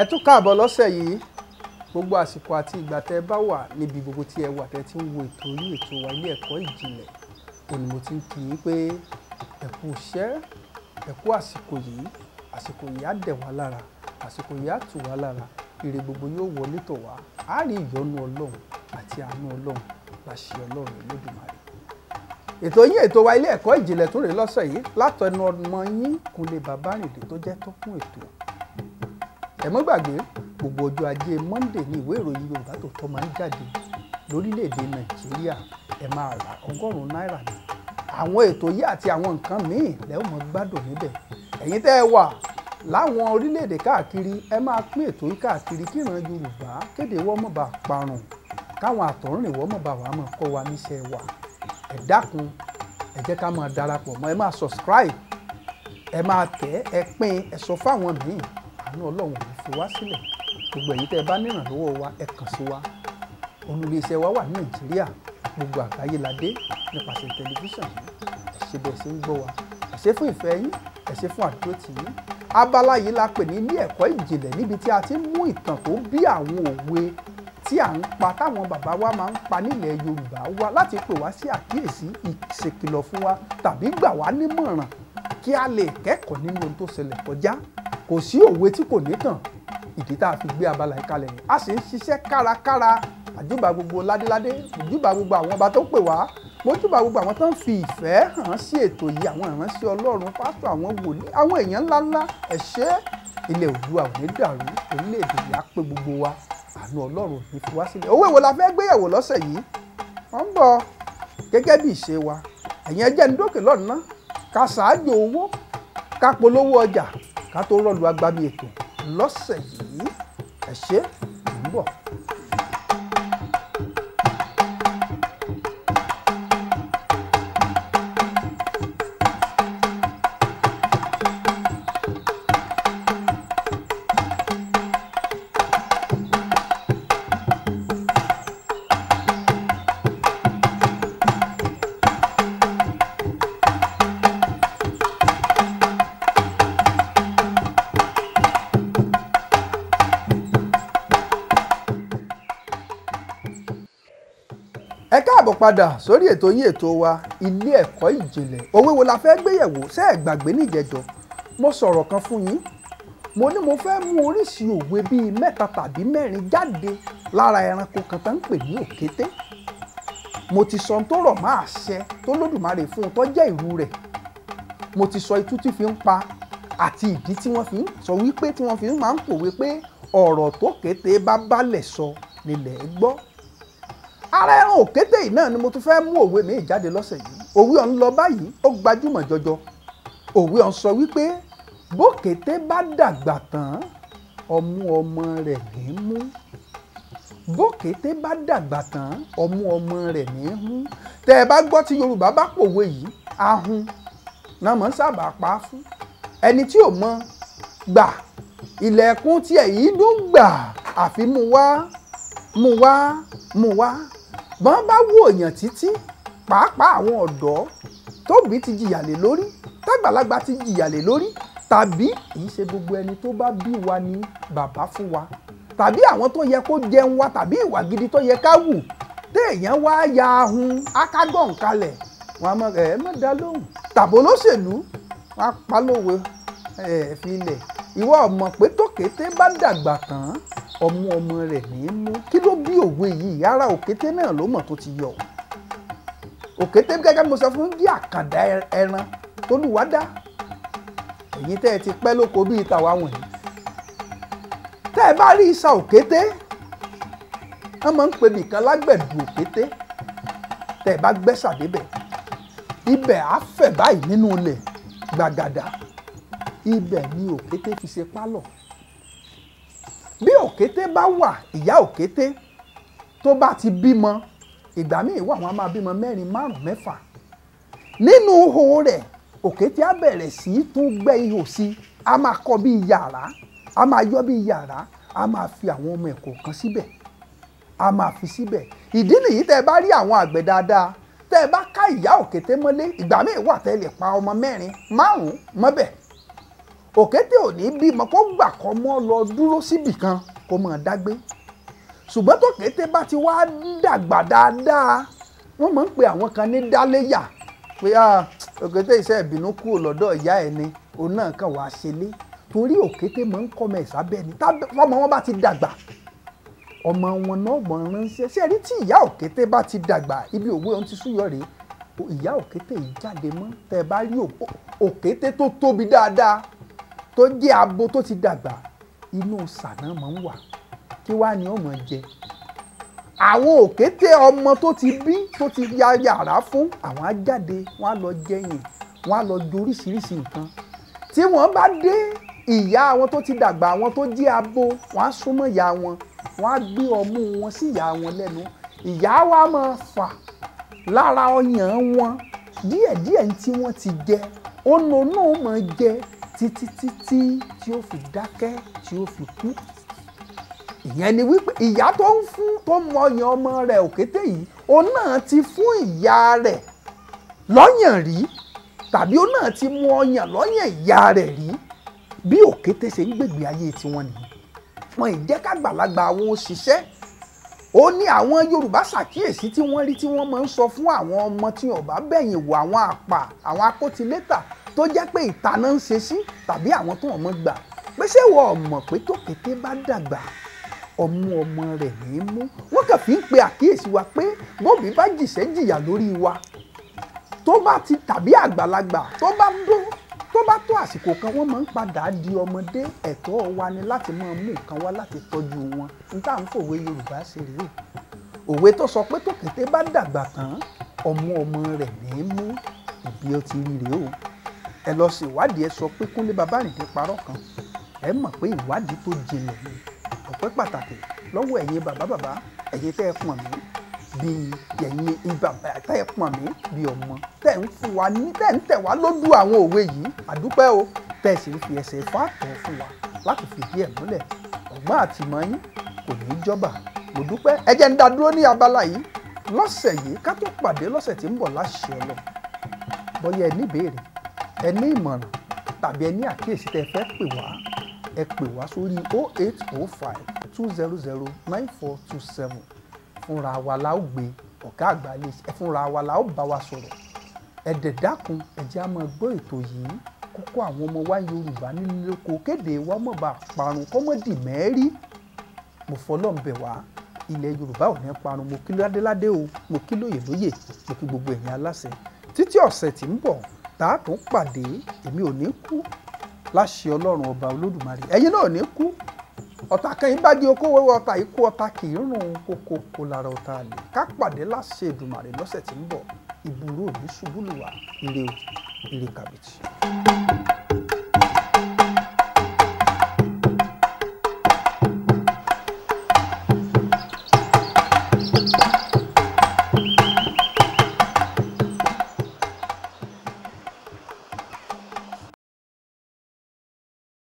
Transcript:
ẹ tún káàbọ̀ lọ́sẹ̀ yìí gbogbo àsìkò àti ìgbà tẹ́ bá wà níbi gbogbo tí ẹ wà tẹ́ ti ń wo ètò orí ètò wa ilé ẹ̀kọ́ ìjìnlẹ̀ òní mo ti ń kì í pé ẹ kú iṣẹ́ ẹ kú àsìkò yìí àsìkò yìí á dẹ̀ wá lára àsìkò yìí á tù wá lára ire gbogbo yóò wọlé tọ̀ wá á rí ìyọ́nú ọlọ́run àti àánú ọlọ́run láṣẹ ọlọ́run Olódùmarè ètò yín ètò wa ilé ẹ̀kọ́ ìjìnlẹ̀ tún rèé lọ́sẹ̀ yìí látọ̀nu ọmọ yín Kúnlé Babárìndé tó jẹ́ tó kún ètò ẹ mọ́ gbàgbé gbogbo ọjọ́ ajé Monday ní ìwé ìròyìn Yorùbá Tòótọ́ máa ń jáde lórílẹ̀‐èdè Nàìjíríà ẹ máa rà ọgọ́rùn-ún náírà ni àwọn ètò yìí àti àwọn nǹkan míì lẹ́wọ̀n mọ́ gbádùn níbẹ̀ ẹ̀yin tẹ́ ẹ wà láwọn orílẹ̀-èdè káàkiri ẹ máa pín ètò yìí káàkiri kíran Yorùbá kéde wọ́n mọ̀ bá parun káwọn àtọ̀rìn wọ́n mọ̀ bá wàá mọ̀ kọ́ wa níṣẹ́ wa ẹ dákun ẹ jẹ́ ká máa darapọ̀ mọ́ ẹ máa subscribe ẹ máa tẹ̀ ẹ pín ẹ sọ fáwọn míì àánú Ọlọ́run fi wá sílẹ̀ gbogbo ẹ̀yin tẹ́ ẹ bá nírànlọ́wọ́ wa ẹ kàn sí wa olùléeṣẹ́ wa wà ní nàìjíríà gbogbo àgbáyé la dé nípasẹ̀ tẹlifíṣàn ẹ ṣé bẹ́ẹ̀ ṣe ń gbọ́ wa ẹ ṣé fún ìfẹ́ yín ẹ ṣé fún àdúró tì yín abala yìí la pè ní ilé ẹ̀kọ́ ìjìnlẹ̀ níbi tí a ti mú ìtàn tó bí àwọn òwe tí à ń pa táwọn bàbá wa máa ń pa nílẹ̀ yorùbá wa láti pè wá sí àkíyèsí ìṣèkìlọ̀ fún wa tàbí gbà wá nímọ̀ràn kí a lè kẹ́kọ̀ọ́ nínú ohun tó ṣẹlẹ̀ kọjá kò sí òwe tí kò ní ìdí tá a fi gbé abala yìí kalẹ̀ a sì ń ṣiṣẹ́ kárakára àjúbà gbogbo ládéládé àjúbà gbogbo àwọn ọba tó pè wá mójúbà gbogbo àwọn tó ń fi ìfẹ́ hàn sí ètò yìí àwọn ìránṣẹ́ ọlọ́run pásítọ̀ àwọn wòlíì àwọn èèyàn ńláńlá ẹ ṣé ilẹ̀ òdua dàrú orílẹ̀-èdè yìí á pé gbogbo wa àánú ọlọ́run ní fi wá sílẹ̀ owó èwo la fẹ́ gbéyẹ̀wò lọ́sẹ̀ yìí wọ́n ń bọ̀ gẹ́gẹ́ bí ìṣe wa ẹ̀yin ẹjẹ́ ń dókè lọ́nà ká ṣáájú owó ká polówó ọjà ká tó rọ̀lú agbami ètò lọ́sẹ̀ yìí ẹ ṣé ń bọ̀. káàbọ̀ padà sórí ètò yín ètò wa ilé ẹ̀kọ́ ìjìnlẹ̀ òwe wo la fẹ́ gbéyẹ̀wò ṣé ẹ̀ gbàgbé níjẹ̀jọ mo sọ̀rọ̀ kan fún yín mo ní mo fẹ́ mú oríṣi òwe bíi mẹ́ta tàbí mẹ́rin jáde lára ẹranko kan tó ń pè ní òkété mo ti sọ tó rọ̀ mọ́ àṣẹ tó lódùmarè fún un tó jẹ́ ìrú rẹ̀ mo ti sọ itú tí fi ń pa àti ìdí tí wọ́n fi ń sọ wípé tí wọ́n fi máa ń pòwe pé ọ̀rọ̀ tó kété bá balẹ̀ sọ nílẹ̀ gbọ́ ara ẹran òkété yìí náà ni mo tún fẹ́ mú òwe mi jáde lọ́sẹ̀ yìí òwe ọ̀hún lọ báyìí ó gbajúmọ̀ jọjọ òwe ọ̀hún sọ wípé bókété bá dàgbà tán ọmú ọmọ rẹ̀ ní mú bókété bá dàgbà tán ọmú ọmọ rẹ̀ ní mú tẹ́ ẹ bá gbọ́ tí Yorùbá bá pòwe yìí ahun náà mọ̀ ń sábà pa á fún ẹni tí ò mọ gbà ilẹ̀kùn tí ẹ̀yìn dùn gbà àfi mú wá mú wá mú wá bọ́n bá wo èèyàn títí pàápàá àwọn ọ̀dọ́ tóbi ti jìyà lé lórí tàgbàlagbà ti jìyà lé lórí tàbí kì í ṣe gbogbo ẹni tó bá bí wa ni bàbá fún wa tàbí àwọn tó yẹ kó jẹun wa tàbí ìwà gidi tó yẹ ká wù téèyàn wá ya ahun akágọ̀n kalẹ̀ wọn a mọ ẹ ẹ mọ dá lóhùn tàbó lóṣèlú wọn a pa lówe ẹ lẹ̀ ìwọ ọmọ pé tókété bá dàgbà tán ọmú ọmọ rẹ̀ ní í mú kí ló bí òwe yìí ara òkété náà ló mọ̀ tó ti yọ òkété gẹ́gẹ́ mo sọ fún bí àkàndá ẹran tólúwa dá èyí tẹ́ ẹ ti pẹ́ lóko bíi tàwa wọ̀nyí tẹ́ ẹ bá rí ìsà òkété wọ́n máa ń pe nìkan lágbẹ̀dù òkété tẹ́ ẹ bá gbẹ́sà débẹ̀ ibẹ̀ á fẹ̀ báyìí nínú ilẹ̀ gbàgàdà ibẹ̀ ni òkété fi ṣe pálọ̀ bí òkété bá wà ìyá òkété tó bá ti bímọ ìgbà míì wà wọn a máa bímọ mẹ́rin márùn mẹ́fà nínú ihò rẹ̀ òkété á bẹ̀rẹ̀ sí í tún gbẹ́ ihò sí i a máa kọ́ bí yàrá a máa yọ́ bí yàrá a máa fi àwọn ọmọ ẹ̀kọ́ kan síbẹ̀ a máa fi síbẹ̀ ìdí nìyí tẹ́ ẹ bá rí àwọn àgbẹ̀ dáadáa tẹ́ ẹ bá ká ìyá òkété mọ́lé ìgbà míì wà tẹ́ ẹ lè pa ọmọ mẹ́rin márùn-ún mọ́bẹ̀ òkété ò ní bímọ kó gbà kọ́ mọ́ lọ dúró síbì kan kó mọ̀ dágbé ṣùgbọ́n tó kété bá ti wá dàgbà dáadáa wọ́n máa ń pe àwọn kan ní dáléyà pé òkété iṣẹ́ ìbínú kúrò lọ́dọ̀ ìyá ẹ̀ ni òun náà kàn wá ṣẹlẹ̀ torí òkété máa ń kọ́mọ ẹ̀ sábẹ́ ni fọmọ wọn bá ti dàgbà ọmọ wọn náà mọ̀ ránṣẹ́ ṣé rí tí ìyá òkété bá ti dàgbà ibi òwe ohun ti súyọ rèé ìyá òkété yìí jáde mọ́ tẹ́ bá rí òkété tó tóbi dáadáa tó jẹ́ abo tó ti dàgbà inú sànà máa ń wà kí wàá ní ọmọ jẹ àwọn òkété ọmọ tó ti bí tó ti ya yàrá fún àwọn á wọn lọ jẹyìn wọn lọ doríṣiríṣi nǹkan tí wọ́n bá dé ìyá wọn tó ti dàgbà wọn tó jẹ́ abo wọn á ìyá wọn wọn á gbé ọmú wọn sí ìyá wọn lẹ́nu ìyá wa máa fà lára ọyàn wọn díẹ̀díẹ̀ ní tí wọ́n ti jẹ ònà náà máa jẹ títí títí tí ó fi dákẹ́ tí ó fi kú ìyẹn ni wípé ìyá tó ń fún tó mọyàn ọmọ rẹ̀ òkété yìí òun náà ti fún ìyá rẹ̀ lọ́yàn rí tàbí òun náà ti mú ọyàn lọ́yàn ìyá rẹ̀ rí bí òkété ṣe ń gbègbè ayé tiwọn nìyí wọn ì jẹ́ kágbàlagbà àwọn òṣìṣẹ́ ó ní àwọn Yorùbá ṣàkíyèsí tí wọ́n rí tí wọ́n máa ń sọ fún àwọn ọmọ tí ọba bẹ̀yìn wò àwọn àpà àwọn akótilétà tó jẹ́ pé ìta náà ń ṣe sí tàbí àwọn tó ọmọ gbà pé ṣé wọ ọmọ pé tó kété bá dàgbà ọmú ọmọ rẹ̀ ní í mú wọ́n kàn fi ń pe àkíyèsí wa pé bóbi bá jìṣẹ́ jìyà lórí wa tó bá ti tàbí àgbàlagbà tó bá dó tó bá tó àsìkò kan wọ́n máa ń padà di ọmọdé ẹ̀tọ́ wa ni láti máa mú nǹkan wá láti tọ́jú wọn n tá à ń fòwe Yorùbá ṣe rèé òwe tó sọ pé tó kété bá dàgbà tán ọmú ọmọ rẹ̀ ní í mú ìbí ó ti rí rèé o ẹ lọ sí ìwádìí ẹ sọ pé Kúnlé Babárìndé parọ́ kan ẹ mọ̀ pé ìwádìí tó jinlẹ̀ ni ọpẹ́ pàtàkì lọ́wọ́ ẹ̀yin bàbá bàbá ẹ̀yin tẹ́ ẹ pọ̀n mí bíi ẹ̀yin ìbàbà tẹ́ ẹ pọ̀n mí bíi ọmọ tẹ́ ń fún wa ní tẹ́ ń tẹ̀ wá lójú àwọn òwe yìí àdúpẹ́ o tẹ́ ẹ sì ń fi ẹsẹ̀ fáàtọ̀ fún wa láti fìdí ẹ̀ múlẹ̀ ọgbọ́n àtìmọ́yín kò ní í jọba mo dúpẹ́ ẹ jẹ́ ń dá dúró ní abala yìí lọ́sẹ̀ yìí ká tó pàdé lọ́sẹ̀ tí ń bọ̀ láṣẹ ọlọ bọ́yá ẹ níbèrè ẹ ní ìmọ̀ràn tàbí ẹ ní àkíyèsí tẹ́ fẹ́ pè wá ẹ pè wá sórí 0805 200 9427 fúnra wa la ó gbé ọ̀gá àgbà lè ṣe fúnra wa la ó bá wa sọ̀rọ̀ ẹ dẹ̀ dákun ẹ jẹ́ á máa gbọ́ ètò yìí kókó àwọn ọmọ wa Yorùbá nílé lóko kéde wa mọ̀ bá parun kọ́mọ́dì mẹ́rí mo fọlọ́ ń bẹ̀ wá ilẹ̀ Yorùbá ò ní parun mo kí ládéládé o mo kí lóyè lóyè mo kí gbogbo ẹ̀yin aláṣẹ títí ọ̀sẹ̀ tí ń bọ̀ t'a a tún pàdé èmi ò ní kú láṣẹ ọlọ́run ọba olódùmarè ẹ̀yin náà ò ní kú ọ̀tá kan bá di lara wẹ́wẹ́ yìí kú ọ̀tá kì í rùn kókó kó lára ọ̀tá ká pàdé láṣẹ lọ́sẹ̀